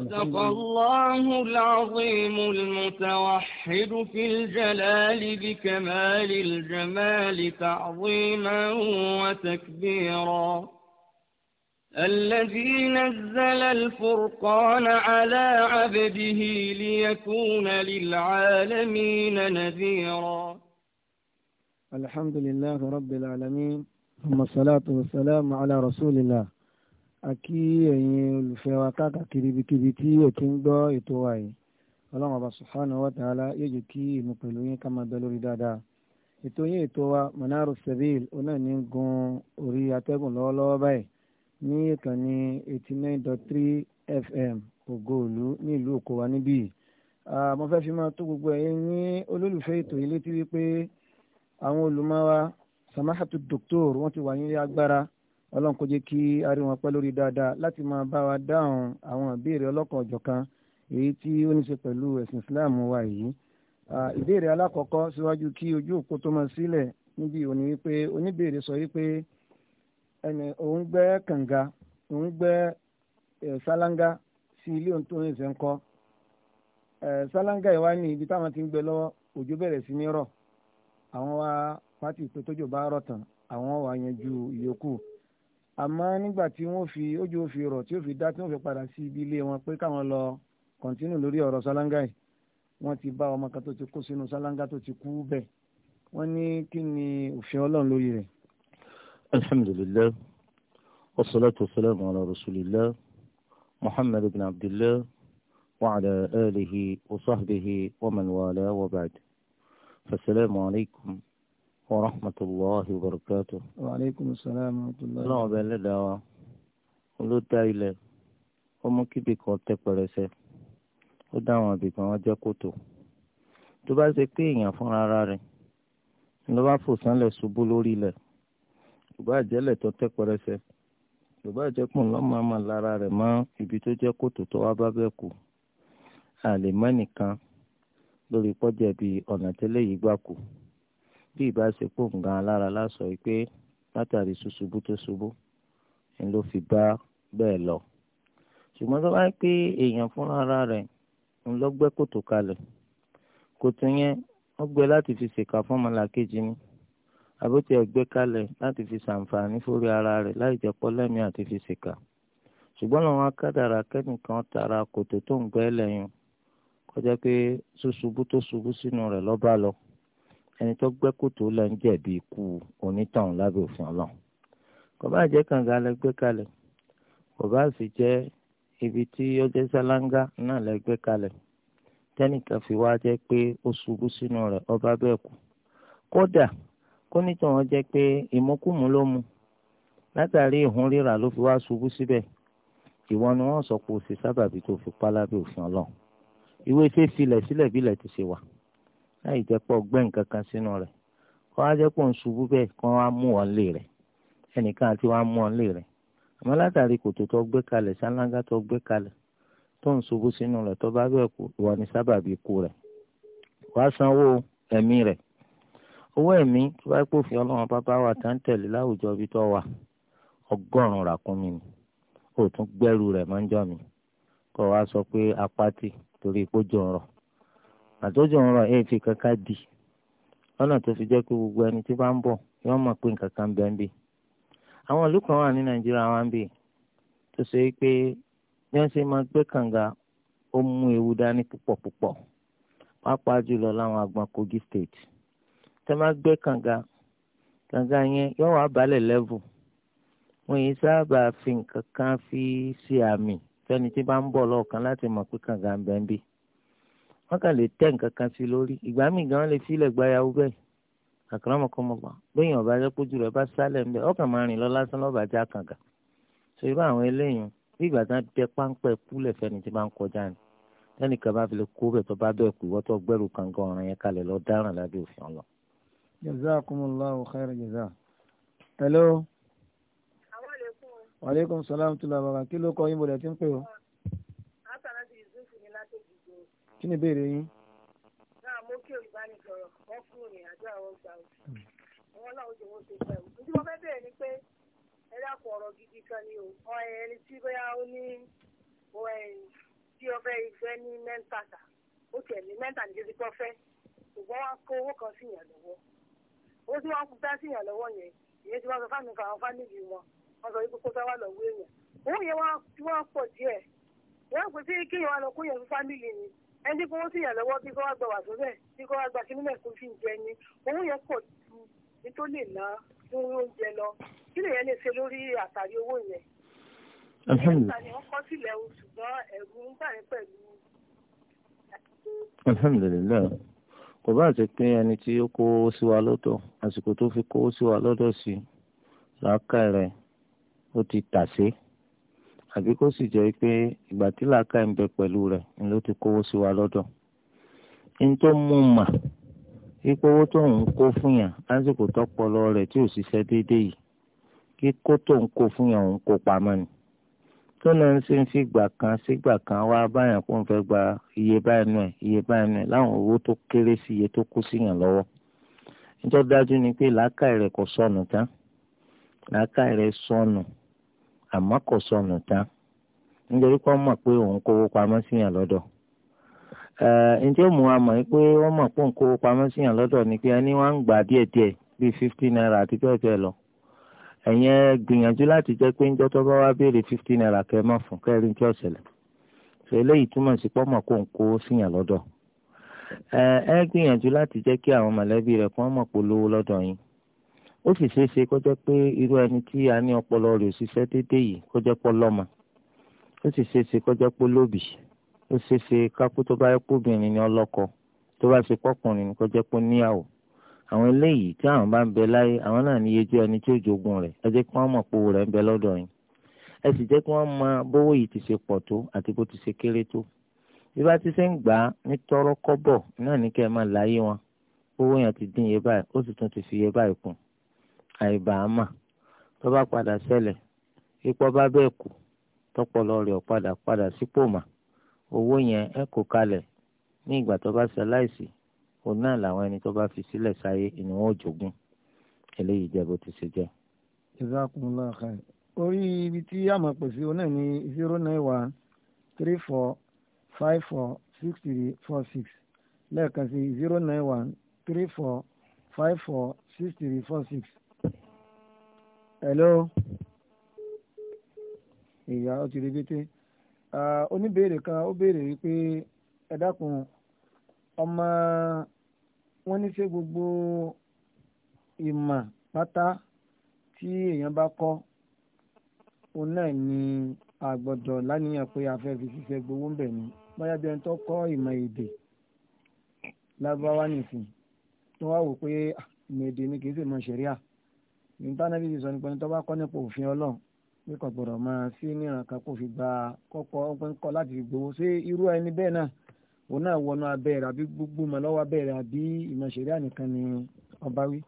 صدق الله العظيم المتوحد في الجلال بكمال الجمال تعظيما وتكبيرا الذي نزل الفرقان على عبده ليكون للعالمين نذيرا الحمد لله رب العالمين ثم الصلاة والسلام على رسول الله àkí ẹ̀yin olùfẹ́ wa káàkiri ibikíbi tí ẹ ti ń gbọ́ ètò wa yìí ọlọ́run ọba subhanahu wa ta'ala yóò jẹ́ kí èmi pẹ̀lú yín ká máa bẹ lórí dáadáa ètò yín ètò wa manaru sabil ọ̀nà ní gun orí atẹ́gùn lọ́wọ́lọ́wọ́ báyìí ní ìkànnì eighty nine dot three fm ògoòlù ní ìlú òkò wa níbí mo fẹ́ fi máa tó gbogbo ẹ̀yin ní olólùfẹ́ ètò yìí létí wípé àwọn olùmọ̀ wa samahatu doctor wọ́n ti wà nílé agbára ọlọ́run kó jẹ́ kí a rí wọn pẹ́ lórí dáadáa láti máa bá wa dáhùn àwọn ìbéèrè ọlọ́kan ọ̀jọ̀kan èyí tí ó ní ṣe pẹ̀lú ẹ̀sìn islam wa yìí ìbéèrè alákọ̀ọ́kọ́ síwájú kí ojú òpó tó máa sílẹ̀ níbi òní wípé oníbèrè sọ wípé ẹnì òun gbẹ́ kànga òun gbẹ́ ṣáláńgá sí ilé ohun tó ń ṣe ń kọ́ ṣáláńgá yìí wá ibi táwọn ti ń gbẹ lọ́wọ́ òjò bẹ̀rẹ̀ sí ní rọ̀ àwọn wá pátì pé bá rọ̀ tán àwọn wá yanjú ìyókù àmọ́ nígbà tí wọ́n fi ojú òfin rọ̀ tí ó fi dá tí wọ́n fi padà sí ibi ilé wọn pé káwọn lọ kọ̀ntínù lórí ọ̀rọ̀ sálángà yìí wọ́n ti bá ọmọ kan tó ti kó sínú sálángà tó ti kú bẹ́ẹ̀ wọ́n ní kí ni òfin ọlọ́run lórí rẹ̀. alhamdulillah wasalaatu wasalaamu ala rasulillah muhammad ibn abdillah wa ala alihi wa sahbihi wa man wala wa ba'd fasalaamu alaykum. ورحمة الله وبركاته وعليكم السلام náà ọbẹ̀ ẹlẹ́dàá wa ilẹ̀ ó mú kíbi kan tẹ́ pẹrẹsẹ ó dá àwọn àbí kan wọn jẹ́ kòtò tó bá ṣe pé èèyàn fúnra ara rẹ̀ ló bá fò sánlẹ̀ ṣubú lórí ilẹ̀ kò bá jẹ́lẹ̀ tó tẹ́ pẹrẹsẹ kò bá jẹ́ pọ̀ lọ́mọ lára rẹ̀ mọ́ ibi tó jẹ́ kòtò tó wá bá bẹ́ẹ̀ kù àlè mọ́ nìkan lórí pọ́jẹ́ ọ̀nà tẹ́lẹ̀ yìí gbà bí ìbá ṣe pò ń gan alára lásọ pé látàrí ṣùṣubú tó ṣubú ni ló fi bá bẹ́ẹ̀ lọ ṣùgbọ́n tó bá pé èèyàn fúnra ara rẹ̀ ń lọ gbẹ́ kòtò kalẹ̀ kòtò yẹn wọ́n gbẹ́ láti fi ṣèkà fún ọmọlàkejì ni àbótí ẹgbẹ́ kalẹ̀ láti fi ṣàǹfààní fórí ara rẹ̀ láì jẹ́ pọ́lẹ́mì àti fi ṣèkà ṣùgbọ́n làwọn akádàrà kẹ́nìkan tààrà kòtò tó ń gbẹ́ lẹ́yìn kọjá pé ṣùṣubú tó ṣubú sínú rẹ̀ lọ́ba lọ ẹni tó gbẹ́ kòtò lọ ń jẹ̀bi ikú onítàn lábẹ́ òfin ọlọ́run kò bá jẹ́ kànga lẹ gbé kalẹ̀ kò bá sì jẹ́ ibi tí ó jẹ́ sálángá náà lẹ gbé kalẹ̀ tẹ́nìkan fi wá jẹ́ pé ó ṣubú sínú rẹ̀ ọba bẹ́ẹ̀ kú kódà kó wọn jẹ́ pé ìmúkùmú ló mu látàrí ìhun ríra ló fi wá ṣubú síbẹ̀ ìwọ ni wọ́n sọ pé o ṣe sábàbí tó fi pa lábẹ́ òfin ọlọ́run ìwé ṣe filẹ̀ sílẹ̀ bílẹ̀ ti ṣe wà láì jẹ́ pọ̀ gbẹ́ nǹkan kan sínú rẹ̀ kọ́ á jẹ́ pọ̀ ń ṣubú bẹ́ẹ̀ kọ́ á mú wọn lé rẹ̀ ẹnìkan àti wọn mú wọn lé rẹ̀ àmọ́ látàrí kòtò tó gbé kalẹ̀ sálángá tó gbé kalẹ̀ tó ń ṣubú sínú rẹ̀ tó bá bẹ́ẹ̀ kú wọn ni sábàbí ikú rẹ̀ wàá sanwó ẹ̀mí rẹ̀ owó ẹ̀mí tó bá pò fi ọlọ́run bàbá wa tá ń tẹ̀lé láwùjọ ibi tó wà ọgọ́rùn-ún ràkúnmí ni ó gbẹ́rù rẹ̀ máa ń jọ mi kọ́ wa sọ pé apáti torí ipò jọ̀ọ̀rọ̀ àtọ́jú ọ̀rọ̀ ẹ̀ fi kankan di lọ́nà tó fi jẹ́ pé gbogbo ẹni tó bá ń bọ̀ yọ mọ̀ pé nǹkan kan bẹ́ẹ̀ ń bì. àwọn ìlú kan wà ní nàìjíríà wá ń bì tó ṣe pé bí wọ́n ṣe máa gbé kànga ó mú ewu dání púpọ̀ púpọ̀ pàápàá jùlọ láwọn àgbọn Kogi state tẹ́ máa gbé kànga kànga yẹn yọ wà balẹ̀ lẹ́vù wọn yìí sábà fi nǹkan kan fi ṣe àmì fẹ́ni tí bá ń bọ̀ lọ́ọ̀kan láti mọ̀ pé kànga ń bẹ́ẹ̀ ń wọn kàn lè tẹ nǹkan kan sí lórí ìgbà míì gan lè filẹ̀ gbayàwó bẹ́ẹ̀ àkàràmọ̀kọ́mọ̀gbà bẹ́ẹ̀ ọ̀bá jẹ́ kójú rẹ̀ bá sálẹ̀ ńbẹ ọkàn máa rìn lọ lásán lọ́ba já kàǹkà so irú àwọn eléyìí bí ìgbà tí wọ́n tẹ páńpẹ́ kúlẹ̀ fẹ́ni tí bá ń kọjá ni lẹ́nìkan bá fi lè kó bẹ̀ tó bá bẹ̀ kú ìwọ́tọ̀ gbẹ́rù kàǹkà ọ̀ràn yẹn kalẹ̀ lọ dáràn lábẹ́ òfin ọlọ. jazakumullahu salaam tula bàbá kí ló kọ yín bọ̀dẹ̀ tí ń pè ọ́ kí ni ìbéèrè yín. náà mo kí olùbánisọ̀rọ̀ wọ́n fún mi àjọ àwọn ọgbà òsì wọn náà ó ṣe pẹ́ o. ojú fẹ́ bẹ̀rẹ̀ ni pé ẹ dákun ọ̀rọ̀ gidi kan ni o ọ ẹni tí bóyá ó ní tí ọfẹ́ ìfẹ́ ní mẹ́ńtàtà ó tiẹ̀ ní mẹ́ńtà ní kí wọ́n ṣùgbọ́n wọ́n kó owó kan sí yàn lọ́wọ́ owó tí wọ́n dá sí yàn lọ́wọ́ yẹn ìyẹn tí wọ́n sọ fáàmì fún àwọn fámìlì wọn wọ́n sọ ẹni kí wọ́n sì yàn lọ́wọ́ bí kò wá gba wàásù bẹ́ẹ̀ bí kò wá gba kí nílẹ̀ kó fi ń jẹ ni owó yẹn pọ̀ ju ní tó lè ná fún oúnjẹ lọ kí lèyẹn lè ṣe lórí àtàrí owó yẹn. alhamdulilayi kò bá ti pín ẹni tí ó kó sí wa lọ́dọ̀ àsìkò tó fi kó sí wa lọ́dọ̀ sí làákàrẹ̀ ó ti tàsé àbí kó sì jẹ́ pé ìgbà tí làákà ń bẹ pẹ̀lú rẹ̀ ni ló ti kówó sí wa lọ́dọ̀ ní tó mú mà ipò owó tó ń kó fún yàn lásìkò tọpọlọ rẹ̀ tí ò ṣiṣẹ́ déédéé yìí kíkó tó ń kó fún yàn ń kó pamọ́ ni tó náà ń ṣe ń fi gbà kan sígbà kan wá báyàn kó ń fẹ́ gba iye báyìí nù ẹ̀ iye báyìí nù ẹ̀ láwọn owó tó kéré sí iye tó kó sí yàn lọ́wọ́ nítorí dájú ni pé làákàyè rẹ̀ kò sọnù tán làákàyè rẹ̀ sọnù àmọ́ kò sọnù tán nítorí pé wọ́n mọ̀ pé òun kówó pamọ́ sí yàn lọ́dọ̀ ǹjẹ́ mo wá mọ̀ pé wọ́n mọ̀ ni pé ẹni wọ́n ń gbà díẹ̀ díẹ̀ bíi fifty naira àti bẹ́ẹ̀ bẹ́ẹ̀ lọ ẹ̀yin gbìyànjú láti jẹ́ pé ńjọ́ tó bá wá béèrè fifty naira kẹ́ ẹ ó sì ṣeé ṣe kó jẹ́ pé irú ẹni tí a ní ọpọlọ rẹ̀ òṣìṣẹ́ dédé yìí kó jẹ́ pọ́ lọ́mọ ó sì ṣeé ṣe kó jẹ́ pé lóbì ó ṣeé ṣe kápú tó bá yẹ kóbìnrin ní ọlọ́kọ tó bá ṣe pọ́kùnrin ní kó jẹ́ pé níyàwó àwọn eléyìí tí àwọn bá ń bẹ láyé àwọn náà ní yejú ẹni tí ó jogun rẹ̀ ẹ jẹ́ kí wọ́n mọ̀ pé owó ń bẹ lọ́dọ̀ yín ẹ sì jẹ́ kí wọ́n mọ bówó yìí ti ṣe pọ̀ tó àti bó ti ṣe kéré tó bí bá ti ṣe ń gbà á ní tọrọ náà ní kẹ́ ẹ máa láyé wọn owó yẹn ti dín iye báyìí ó sì tún ti fi iye báyìí kù àìbàámà tó bá padà ṣẹlẹ̀ ipò bá bẹ́ẹ̀ kù tọpọlọ rẹ̀ padà padà sípò mà owó yẹn ẹ kò kalẹ̀ ní ìgbà tó bá ṣe láìsí òun náà làwọn ẹni tó bá fi sílẹ̀ sáyé ni wọ́n ò jogún eléyìí jẹ́ bó ti ṣe jẹ́. ìzákùnlá kan orí ibi tí a máa pèsè òun ní zero nine one three four five four six three four six lẹ́ẹ̀kan sí zero nine one three four five four six three four six hello ìyá ó ti rí bété oníbèrè kan ó béèrè wípé ẹ dákun ọmọ wọn ní ṣe gbogbo ìmọ̀ pátá tí èèyàn bá kọ́ òun náà ni àgbọ̀dọ̀ láníyàn pé a fẹ́ fi ṣiṣẹ́ gbowó ń bẹ̀ ni bóyá bí ẹni tó kọ́ ìmọ̀ èdè lágbáwá nìsín tí wọ́n wò pé ìmọ̀ èdè ni kì í ṣe mọ̀ ṣẹ̀ríà nígbà náà bíbí sọ nípa ẹni tó bá kọ́ nípa òfin ọlọ́run pé kò gbọ́dọ̀ máa sí níran kan kó fi gba kọ́kọ́ ọpẹ́ńkọ́ láti fi gbowó ṣé irú ẹni bẹ́ẹ̀ náà òun náà wọnú abẹ́rẹ́ àbí gbogbo mọ̀ lọ́wọ́ abẹ́rẹ́ àbí ìmọ̀ṣẹ̀rí ànìkan ni ọba wí.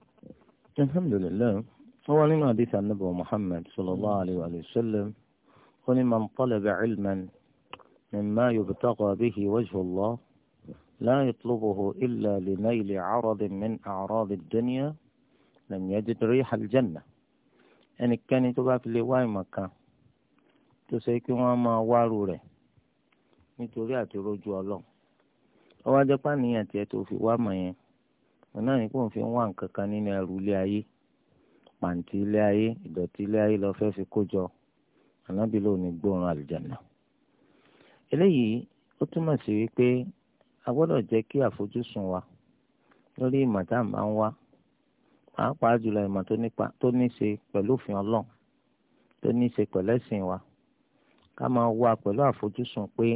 alhamdulilayi wọ́n nínú àdìsá nàbà muhammed sallallahu alayhi wa sallam ó ní man talaba ilman mimma yubtaqa bihi wajhu allah la yatlubuhu illa li nayli 'aradin min a'radi dunya lam yajid riha al-jannah ẹnikẹ́ni tó bá fi lè wá ìmọ̀ kan tó ṣe kí wọ́n máa wárò rẹ̀ nítorí àti rojú ọlọ́run ó wá jẹ́ pàníyàn tiẹ̀ tó fi wá mọ̀ yẹn òun náà ní kó n fi ń wá nǹkan kan nínú ẹrù ilé ayé pàǹtí ilé ayé ìdọ̀tí ilé ayé lọ fẹ́ fi kó jọ ànábì ló gbóòórùn àlùjáná eléyìí ó túmọ̀ sí wípé a gbọ́dọ̀ jẹ́ kí àfojúsùn wa lórí ìmọ̀ tá à ń bá ń wá pàápàá jùlọ ìmọ̀ tó nípa tó ní ṣe pẹ̀lú òfin ọlọ́run tó ní ṣe pẹ̀lẹ́sìn wa ká máa wá pẹ̀lú àfojúsùn pé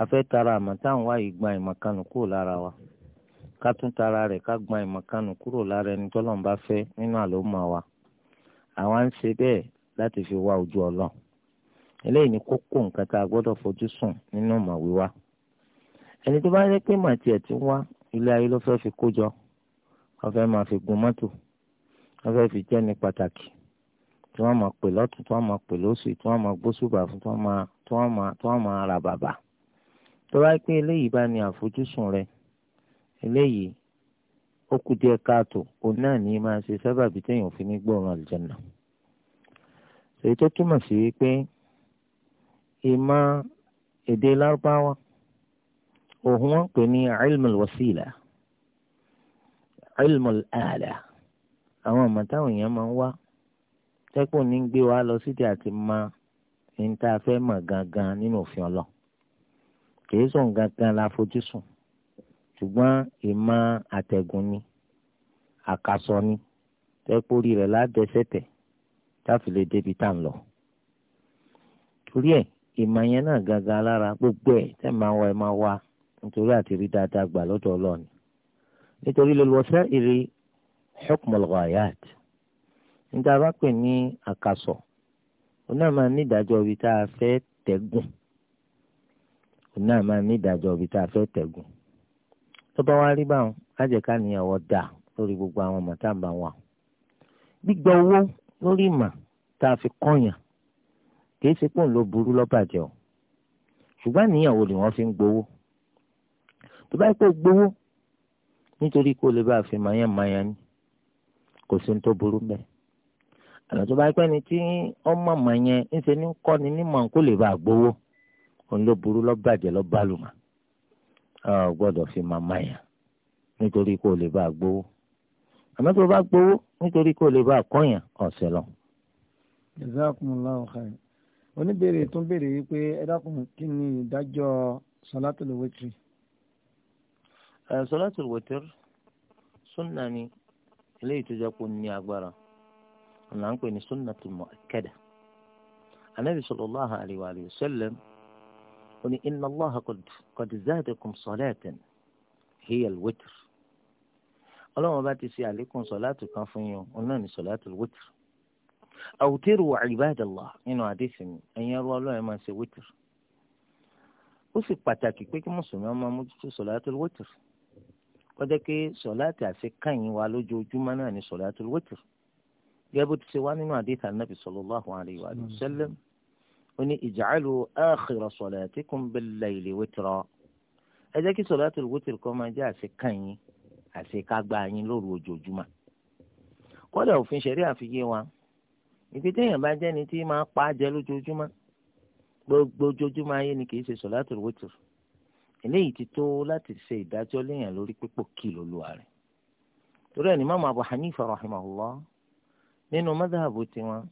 a fẹ́ tara àmọ́ táwọn wá yìí gba ìmọ̀ kanù kúrò lára wa ká tún tara rẹ̀ ká gba ìmọ̀ kúrò lára ẹni tọ́lọ́run bá fẹ́ nínú àlòmọ́ wa àwa ń ṣe bẹ́ẹ̀ láti fi wá ojú ọlọ́run eléyìí ni kókó nǹkan tá a gbọ́dọ̀ fojú sùn nínú ìmọ̀ wíwá ẹni tó bá yẹ pé màtí ẹ̀ ti wá ilé ayé ló fẹ́ fi kó jọ wọ́n fẹ́ máa fi gun mọ́tò wọ́n fẹ́ fi jẹ́ni pàtàkì tí wọ́n máa pè lọ́tún tí wọ́n máa pè lósì tí wọ́n máa gbósùbà fún tí wọ́n máa tí wọ́n máa tí wọ́n máa ra bàbà tó bá pé eléyìí bá ní àfojúsùn rẹ eléyìí ó kù díẹ̀ káàtó òun náà ní máa ṣe sábàbí téèyàn fi ní gbọ́ràn àlùjànnà èyí tó túmọ̀ sí pé ìmọ̀ èdè lárúbáwá òun wọ́n pè ní ilmul wasila ilmul ala àwọn ọmọ táwọn èèyàn máa ń wá tẹ́kùn ní gbé wa lọ síbi àti máa ń tá a fẹ́ mọ̀ gangan nínú òfin ọlọ kìí sùn gangan la fojú sùn ṣùgbọ́n ìmọ̀ àtẹ̀gùn ni àkàsọ ni tẹ́kùrì rẹ̀ ládẹ́sẹ̀tẹ̀ táfi lè débi tá à lọ. torí ẹ̀ ìmọ̀ yẹn náà gangan lára gbogbo ẹ̀ tẹ́ máa wá ẹ máa wá nítorí àti rí dáadáa gbà lọ́dọ̀ ọlọ́ọ̀ni nítorí lil wasa'ili hukmul ghayat níta bá pè ní àkàsọ̀ òun náà máa ní ìdájọ́ ibi tá a fẹ́ tẹ̀gùn òun náà máa ní ìdájọ́ ibi tá a fẹ́ tẹ̀gùn tó bá wá rí báwọn lájẹ̀ká níyàwó dà lórí gbogbo àwọn ọmọ tá à ń bá wà gbígba owó lórí ìmọ̀ tá a fi kọ́yàn kì í ṣe pé òun ló burú lọ́bàjẹ́ o ṣùgbọ́n níyàwó ni wọ́n fi ń gbowó tó bá yẹ kó gbowó nítorí kó lè bá a fi mayanmayan ni kò sí ní tó burú bẹ́ẹ̀ àná tó bá pẹ́ ni tí ọmọ mọ̀ yẹn ńṣe ní kọ́ni nímọ̀ kó lè bá a gbowó òun ló burú lọ́bàjẹ́ lọ́bàlùmọ̀ ọ gbọ́dọ̀ fi màmá yẹn nítorí kó lè bá a gbowó àmọ́ tó bá gbowó nítorí kó lè bá a kọ́yàn ọ̀sẹ̀ lọ. jazakumullahu khair oníbèrè tó ń béèrè yìí pé ẹ dákun kí ni ìdájọ́ salatul witri. صلاة الوتر súnà ni eléyìí tó jẹ́ kó ní agbára ọ̀nà à ń pè ní sunnatul mu'akkada anabi sallallahu alayhi wa sallam ó ní inna allaha qad zadakum salatan hiya al-witr ọlọ́run bá ti ṣe àlékún sọ̀láàtù kan fún yín o náà ní sọ̀láàtù witr àwùtẹ́rù wà ibadallah nínú àdéhùn mi ẹ̀yin ẹrú ọlọ́run máa ṣe witr ó sì pàtàkì pé kí mùsùlùmí máa mójútó sọ̀láàtù witr. kó jẹ́ pé sọ̀láàtì àṣekẹ́yìn wa lójoojúmọ́ náà ni sọ̀láàtì wítìrì gẹ́gẹ́ bó ti ṣe wá nínú àdéhùn anábì sallallahu alayhi wa sallam ó ní ij'alu akhira salatikum bil-layli witra ẹ jẹ́ kí sọ̀láàtì wítìrì kó máa jẹ́ àṣekẹ́yìn àṣekágbá yín lóru ojoojúmọ́ kódà òfin ṣẹ̀rí àfiyé wa ìfi téèyàn bá jẹ́ni tí máa pa á jẹ lójoojúmọ́ gbogbo ojoojúmọ́ ayé ni kì í ṣe sọ̀láàtì wítìrì eléyìí ti tó láti ṣe ìdájọ́ léèyàn lórí pípò kí lóluwà rẹ̀ torí ẹni Imam Abu Hanifa rahimahullah nínú madhabu tiwọn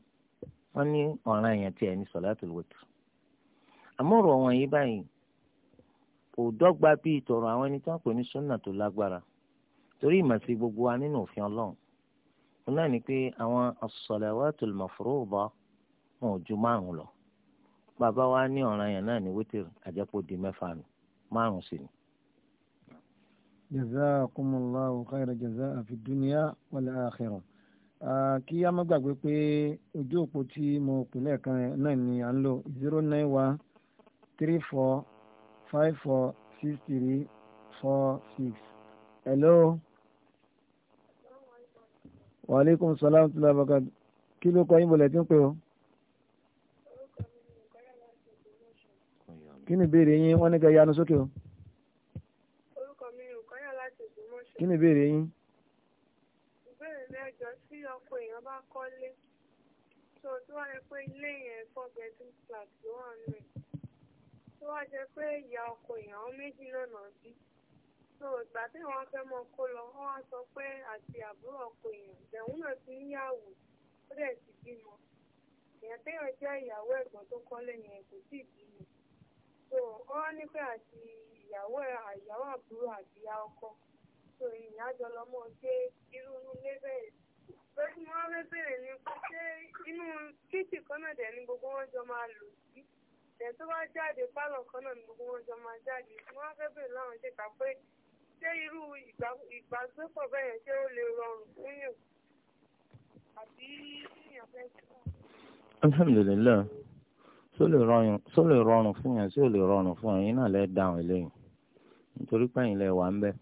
wọn ní ọ̀ràn èèyàn tí ẹni salatul witr àmọ́rọ̀ wọn yìí báyìí kò dọ́gba bí ìtọ̀rọ̀ àwọn ẹni tí wọ́n pè ní súnà tó lágbára torí ìmọ̀sí gbogbo wa nínú òfin ọlọ́run wọn náà ní pé àwọn as-salawatul mafruḍa wọn ò ju márùn lọ bàbá wa ní ọ̀ràn èèyàn náà ní wítìrì àjẹpọ̀ di mẹ́fà nù márùn sí ni. jazakumullahu khayra jazaa fi dunya wal akhirah kí a má gbàgbé pé ojú òpó tí mo pè lẹ́ẹ̀kan náà ni à ń lò zero nine one three four five four six three four six. hello. wa aleykum salaam wa rahmatullahi wa barakatuh kí ló kọ yín bọ̀lẹ̀ tí ń pè ọ́. kí ni ìbéèrè yín wọ́n ní ká yanu sókè o. orúkọ mi ò kọ́yà láti ìgbìmọ̀ṣẹ́. kí ni ìbéèrè yín. ìbéèrè mẹ́jọ tí ọkọ èèyàn bá kọ́lé tó tó wá yẹ pé ilé yẹn four bedroom flat ló wà nù ẹ̀ tó wá jẹ́ pé ìyá ọkọ èèyàn méjì náà nà bí so ìgbà tí wọn fẹ́ mọ kó lọ wọn wá sọ pé àti àbúrò ọkọ èèyàn ìdẹ̀hún náà ti níyàwó ó dẹ̀ ti bímọ èèyàn téèyàn jẹ́ ìyàwó ẹ̀gbọ́n tó kọ́lé yẹn kò tíì bímọ so wọ́n ní pé àti ìyàwó àyàwó àbúrò àti ọkọ so ìyá jọ lọmọ ṣe irú ilé bẹ́ẹ̀ lójú wọn fẹ́ bẹ̀rẹ̀ ni ṣé inú kíchì kan náà dẹ̀ ni gbogbo wọn jọ máa lò sí ẹ̀ tó bá jáde pálọ̀ kan náà ni gbogbo wọn jọ máa jáde wọn fẹ́ bẹ̀rẹ̀ láwọn ṣe kà pé ṣé irú ìgbàgbépọ̀ bẹ́ẹ̀ ṣé ó lè rọrùn fún yàn àbí yàn fẹ́ sọ. sọ lè rọrùn fún yàn sí ò lè rọrùn fún yàn náà lè dáhùn eléyìí nítorí pé ẹ̀yin lè wà ń bẹ̀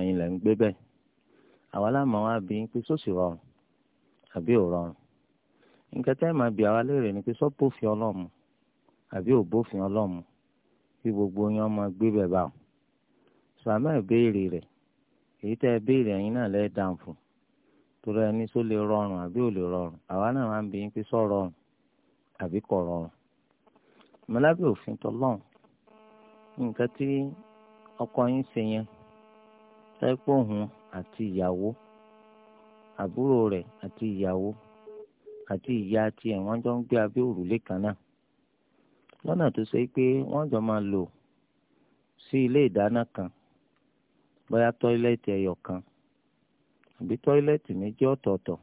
ẹ̀yin lè ń gbé bẹ̀ àwa láàmú wa bí si sóòsì rọrùn àbí ò rọrùn nǹkan tẹ́ máa bí àwa léèrè ni pé sọ kí gbogbo yẹn ọmọ gbé bá ìbéèrè èyí béèrè náà lè dáhùn fún torí ẹni lè rọrùn àbí ò lè rọrùn àwa náà máa ń sọ rọrùn mọ̀lábí òfin tọ́lọ́n nǹkan tí ọkọ yín ṣe yẹn tẹ́pọ̀ òun àti ìyàwó àbúrò rẹ̀ àti ìyàwó àti ìyá àti wọ́n jọ ń gbé abẹ́ òrùlé kan náà lọ́nà tó ṣe pé wọ́n jọ máa lò sí ilé ìdáná kan bóyá tọ́ílẹ̀tì ẹyọ kan àbí tọ́ílẹ̀tì méjì ọ̀tọ̀ọ̀tọ̀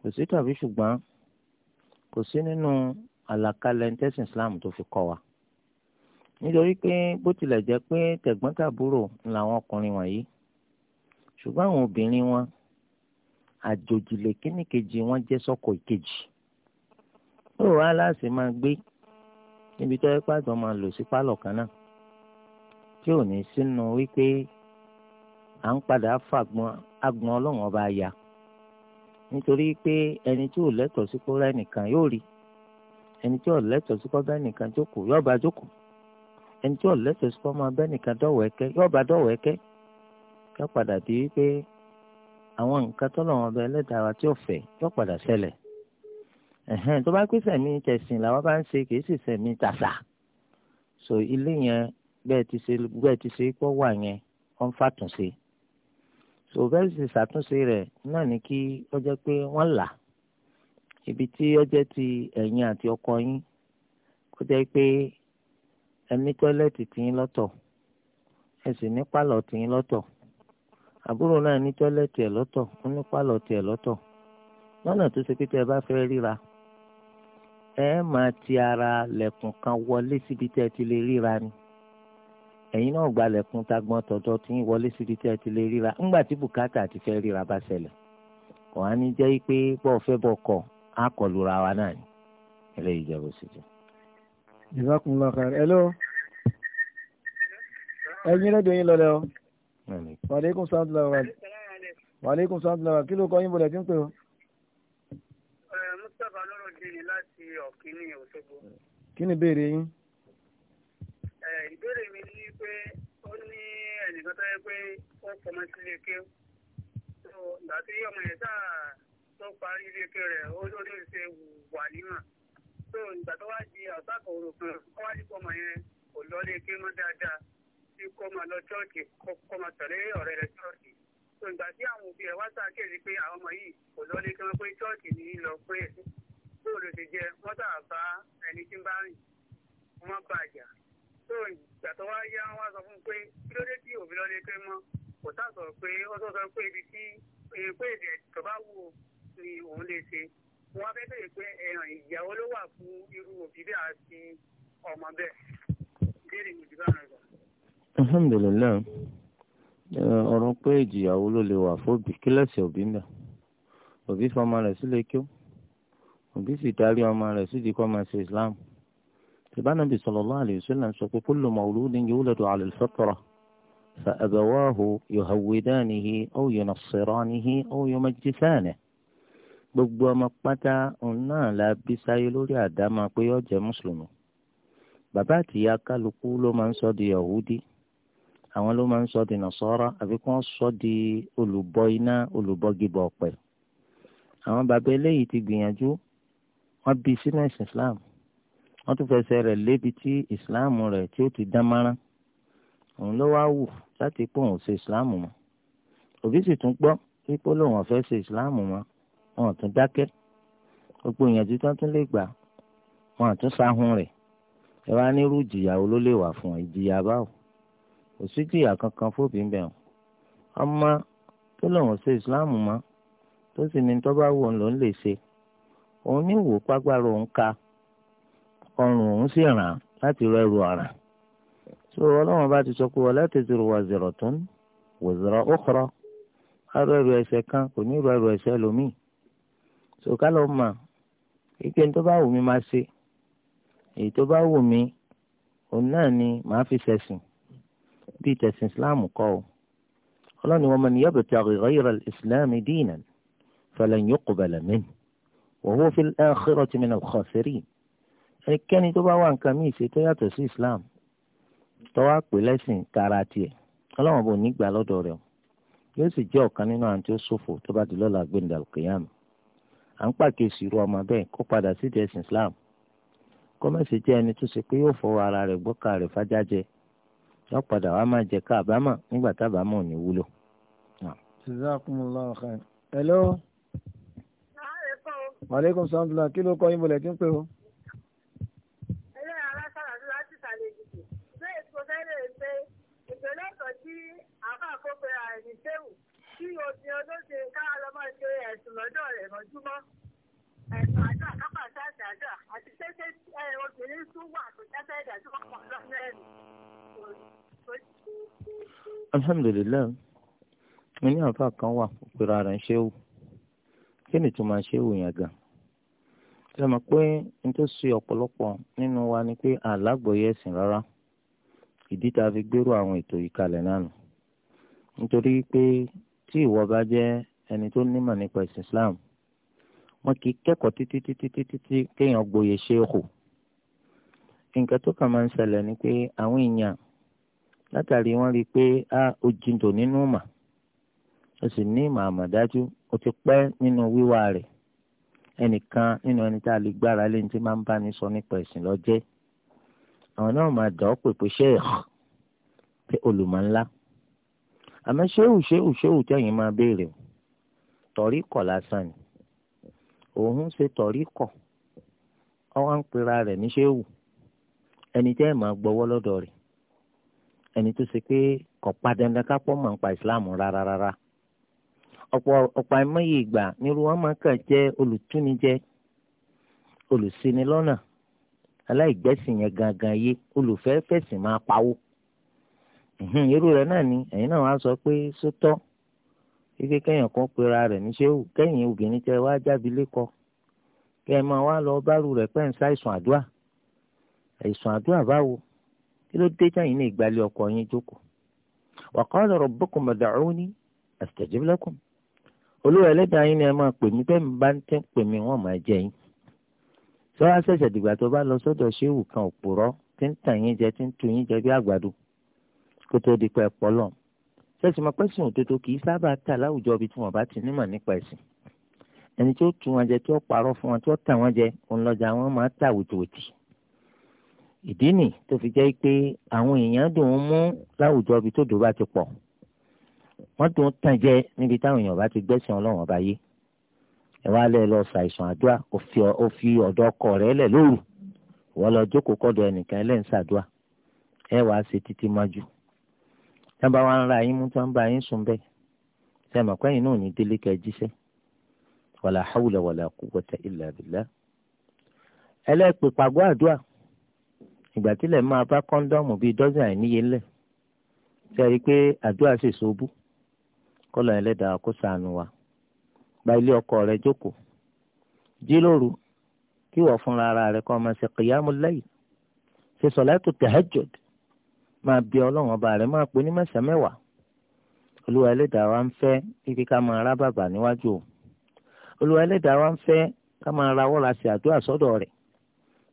kò sí tàbí ṣùgbọ́n kò sí nínú àlàkalẹ̀ tẹ̀sìn islam tó fi kọ́ wa nítorí pé bó tilẹ̀ jẹ́ pé tẹ̀gbọ́n-tàbúrò làwọn ọkùnrin wọ̀nyí ṣùgbọ́n àwọn obìnrin wọn àjòjìlẹ̀ kínníkejì wọn jẹ́ sọ́kọ ìkejì ó wà láàṣì máa gbé níbi tó ẹ pàjọ máa lò sí pálọ̀ kan náà tí ò ní sínú wípé à ń padà fàgbọn agbọn ọlọ́run ọba ya nítorí pé ẹni tí ò lẹ́tọ̀ọ́ sí kó rẹ́ yóò rí i ẹni tí ò lẹ́tọ̀ọ́ sí kọ́ bẹ́ẹ̀ nìkan jókòó yóò bá jókòó ẹni tí ò lẹ́tọ̀ọ́ sí kọ́ máa bẹ́ẹ̀ nìkan dọ̀wọ́ ẹ̀kẹ́ yóò bá dọ̀wọ́ ẹ̀kẹ́ ká padà di wípé àwọn nǹkan tọ́lọ̀ wọn bẹ ẹlẹ́dàá wa tí ò fẹ́ yóò padà ṣẹlẹ̀ ẹ̀hẹ́n tó bá pé sẹ̀mí tẹ̀sìn làwọn bá ń ṣe kì í sì sẹ̀mí tàṣà so ilé yẹn bẹ́ẹ̀ ti ṣe bẹ́ẹ̀ ti ṣe pọ́ wà yẹn wọ́n fàtúnṣe so bẹ́ẹ̀ sì ṣàtúnṣe rẹ̀ náà ní kí ó jẹ́ pé wọ́n là ibi tí ó jẹ́ ti ẹ̀yin àti ọkọ yín kó jẹ́ pé ẹ ní tọ́lẹ́ẹ̀tì tiyín lọ́tọ̀ ẹ sì ní pálọ̀ tiyín lọ́tọ̀ àbúrò náà ní tọ́lẹ́ẹ̀tì ẹ̀ lọ́tọ̀ ó ní pálọ̀ tiẹ̀ lọ́tọ̀ lọ́nà tó ṣe pé tẹ́ ẹ bá fẹ́ ríra ẹ máa ti ara lẹ̀kùn kan wọlé síbi tẹ́ ẹ ti lè ríra ni ẹ̀yin náà gba lẹ̀kùn tagbọ́n tọ̀dọ̀ tiyín wọlé síbi tẹ́ ẹ ti lè ríra ńgbà tí bùkátà ti fẹ́ ríra bá ṣẹlẹ̀ kò á pé bọ́ọ̀ fẹ́ bọ̀ kọ̀ á kọlu ra wa náà ni eléyìí jẹ́ bó ṣe jẹ́. jazakumullahu khair hello ẹ̀yin lẹ́dọ̀ yín lọ́lẹ́ o wàlẹ́kùn sàmùtìlá wa wàlẹ́kùn sàmùtìlá wa kí ló kọ́ yín bọ̀lẹ̀ tí ń pè o. mustapha lọ́rọ̀ dé ní láti ọ̀kínní òṣogbo. kí ni ìbéèrè yín. ìbéèrè mi ni pé ó ní ẹnìkan tó yẹ pé ó fọmọ sílé kéw. ìgbà tí ọmọ yẹn sáà tó parí lékè rẹ̀ ó lórí ṣe wà nímọ̀ tó ìgbà tó wá di àbákan òru kan ó wá yẹn kò lọ lékè mọ́ dáadáa tí kò máa lọ chọ́ọ̀kì kò máa tẹ̀lé ọ̀rẹ́ rẹ̀ chọ́ọ̀kì tó ìgbà tí àwọn òbí rẹ̀ wá sàkíyèsí pé àwọn ọmọ yìí kò lọ lékè mọ́ pé chọ́ọ̀kì ní lọ pé tó lè ṣe jẹ wọ́n tà bá ẹni tí ń bá rìn wọ́n bàjà tó ìgbà tó wá yá wọ́n sọ fún pé kí ló dé tí òbí lọ lékè mọ́ kò sá sọ pé ó sọ pé ibi tí èyí pé èdè tó bá wù ó tí òun lè ṣe wọn á fẹ́ bẹ̀rẹ̀ pé ẹ̀ràn ìyàwó ló wà fún irú òbí bẹ́ẹ̀ àti ọmọ bẹ́ẹ̀ béèrè mi jùlọ àrùn ìgbà. alhamdulilayi ọ̀rọ̀ pé ìjìyàwó ló lè wà fóbi kílẹ̀sì òbí náà òbí fọmọ rẹ̀ sílé kí ó òbí sì darí ọmọ rẹ̀ sídìí kọ́ máa ṣe islam tìbánàbì sallallahu alayhi wa sallam sọ pé kullu mawludin yuladu ala al-fitra fa abawahu yuhawwidanihi aw yunassiranihi aw yumajjisanihi. gbogbo ọmọ pátá òun náà la bí sáyé lórí àdámọ̀ pé ó jẹ́ mùsùlùmí bàbá àtìyá kálukú ló máa ń sọ di yahudi àwọn ló máa ń sọ di nasara àfi kí wọ́n sọ di olùbọ iná olùbọgìbọ ọ̀pẹ àwọn bàbá eléyìí ti gbìyànjú wọ́n bí sínú ẹ̀sìn islam wọ́n tún fẹsẹ̀ rẹ̀ lébi tí islam rẹ̀ tí ó ti dán mọ́rán òun ló wá wù láti pé òun ṣe islam mọ́ òbí sì tún gbọ́ pípọ́ lòun ọ̀fẹ́ ṣe islam mọ́ wọn tún dákẹ́ gbogbo ìyànjú tó tún lè gbà wọn tún sáhùn rẹ̀ ẹ wá nírú ìjìyàwó ló lè wà fún ìjìyà báwò kò sí ìjìyà kankan fóbi ń bẹ̀ wọn. ọmọ tó lòun ṣe ìsìláàmù mọ́ tó sì ní tó bá wù ú lòun lè ṣe òun ní ìwò pàgbára òun ka ọrùn òun sì ràn láti rọ ẹrù ọ̀ràn. tó ọlọ́run bá ti sọ pé wala taziru waziratun wizra ukhra arọ ẹrù ẹ̀ṣẹ̀ kan kò ní rọ ẹrù ẹ̀ṣẹ̀ lómìn sòkà lọ mà ike tó bá wù mí máa ṣe èyí tó bá wù mí òun náà ni màá fi ṣẹ̀sìn bíi tẹ̀sìn islam kọ́ o ọlọ́ni wa man yabtaghi ghayra al-islam dinan falan yuqbala minhu wa huwa fil akhirati min al-khasirin ẹnikẹ́ni tó bá wà nǹkan míì ṣe tó yàtọ̀ sí islam tó wá pè lẹ́sìn tara tiẹ̀ ọlọ́wọ́n bò ní lọ́dọ̀ rẹ̀ yóò sì jẹ́ ọ̀kan nínú àwọn tí ó ṣòfò tó bá di lọ́la gbẹ̀ndàlùkìyàmù à ń pàkíyèsí irú ọmọ bẹ́ẹ̀ kó padà sí ti ẹ̀sìn Islam kọ́mẹ́sì jẹ́ ẹni tó ṣe pé yóò fọwọ́ ara rẹ̀ gbọ́ka rẹ̀ fájájẹ yóò padà wá máa jẹ káàbámọ̀ nígbà tábàámọ̀ ò ní wúlò. jazakumullahu khair. hello. maaleykum kí ló kọ́ yín bọ̀lẹ̀ tí ń pè ó. ìpínlẹ̀ èkó tí àbá àkókò àìníṣẹ́wù kí obìnrin olóṣè káwá lọ máa ṣe ẹ̀sùn lọ́dọ̀ rẹ̀ mọ́júmọ́ ẹ̀sùn àjọ àkápàṣẹ àti àjọ àti tẹ́tẹ́ obìnrin tún wà tó pọ̀ lọ́sẹ̀ rẹ̀. alhamdulilayi mo ní àǹfà kan wà òpèrè ara ń ṣéwù kí ni tó máa ṣéwù yẹn gan ṣe mọ̀ pé n tó ṣe ọ̀pọ̀lọpọ̀ nínú wa ni pé àlágbòye ẹ̀sìn rárá ìdí a fi gbèrò àwọn ètò ìkàlẹ̀ náà nù tí ìwọ bá jẹ́ ẹni tó nímọ̀ nípa ẹ̀sìn Islam wọn kì í kẹ́kọ̀ọ́ títí títí títí tí kéèyàn gboyè ṣéèkù nǹkan tó kàn máa ń ṣẹlẹ̀ ni pé àwọn èèyàn látàrí wọn rí i pé a ò jìntò nínú mà ó sì ní ìmọ̀ àmọ̀dájú ó ti pẹ́ nínú wíwá rẹ̀ ẹnìkan nínú ẹni tá a lè gbára lé ní tí máa ń bá ní sọ nípa ẹ̀sìn lọ́jẹ́ àwọn náà máa dà ọ́ pèpè ṣéèkù pé olùmọ̀ ńlá àmọ́ ṣéwù ṣéwù ṣéwù tẹ̀yìn máa béèrè o tọ̀rí kọ̀ lásán ni òun ṣe tọ̀rí kọ̀ ọwọ́ ń pera rẹ̀ ní ṣéwù ẹni tẹ́ ẹ̀ máa gbọ́wọ́ lọ́dọ̀ rẹ̀ ẹni tó ṣe pé kò pa dandan ká pọ́ mọ̀ nípa ìsìláàmù rárá rárá ọ̀pọ̀ ọ̀pọ̀ àìmọye ìgbà nírú wọn máa kàn jẹ́ olùtúnijẹ olùṣinilọ́nà aláìgbẹ́sìn yẹn gangan yé olùfẹ́ fẹ̀sìn máa pawó irú rẹ̀ náà ni ẹ̀yin náà wá sọ pé sótọ́ ike kẹ́yìn kan pera rẹ̀ ní ṣéwù kẹ́yìn obìnrin tẹ wá jábí lẹ́kọ kẹ́ ẹ máa wá lọ bárù rẹ̀ pẹ́ ń ṣàìsùn àdúrà àìsùn àdúrà báwo kí ló dé tẹ̀yìn ní ìgbàlẹ̀ ọkọ yín jókòó wa qala rabbukum ud'uni astajib lakum olúwa ẹlẹ́dàá yín ni ẹ máa pè mí bẹ́ẹ̀ mi bá ń tẹ́ pè mí wọ́n máa jẹ yín sọ́wọ́ sẹ̀sẹ̀ dìgbà tó bá lọ sọ́dọ̀ ṣéwù kan òpùrọ́ tí ń tàn yín jẹ tí ń tu yín jẹ bí àgbàdo kó tó di pé ẹ pọ́ lọ. sẹ́sìn máa pẹ́sìn òdodo kì í sábà tà láwùjọ ibi tí wọ́n bá ti nímọ̀ nípa ẹ̀sìn. ẹni tí ó tu wọn jẹ tí ó parọ́ fún wọn tí ó tà wọn jẹ òun lọ́jà wọn máa tà wòtìwòtì. ìdí nì tó fi jẹ́ pé àwọn èèyàn dùn ún mú láwùjọ ibi tó dùn bá ti pọ̀. wọ́n dùn ún tàn jẹ níbi táwọn èèyàn bá ti gbẹ́sìn ọlọ́run ọba yé. ẹ wá lẹ́ lọ ṣàìsàn àdúrà ó fi ọ̀dọ́ ọkọ rẹ̀ lẹ̀ lóru wọ́n lọ jókòó kọ́dọ̀ ẹnìkan ẹlẹ́ǹsàdúà ẹ wàá ṣe títí mọ́jú tí wọ́n bá wá ń ra yín mú tí wọ́n bá yín sùn bẹ́ẹ̀ ṣe mọ̀ pẹ́yìn náà ní délé kẹ́ jíṣẹ́ wàlà hàwùlà wàlà quwwata illa billah. ẹlẹ́pẹ̀ pàgọ́ àdúrà ìgbà tílẹ̀ máa bá kọ́ńdọ́ọ̀mù bíi dọ́sìn àìníye ńlẹ̀ ṣe rí i pé àdúrà sì ṣubú kọ́lọ̀ ẹlẹ́dàá kó sànù wa gba ilé ọkọ rẹ jókòó jí kí wọ́n fúnra ara rẹ kọ́ máa máa bí ọlọ́run ọba rẹ̀ máa pè ní mẹ́sàn-án mẹ́wàá olúwa ẹlẹ́dàá wa ń fẹ́ kíkí ká máa rá bàbà níwájú o olúwa ẹlẹ́dàá wa ń fẹ́ ká máa rawọ́ ra sí àdúrà sọ́dọ̀ rẹ̀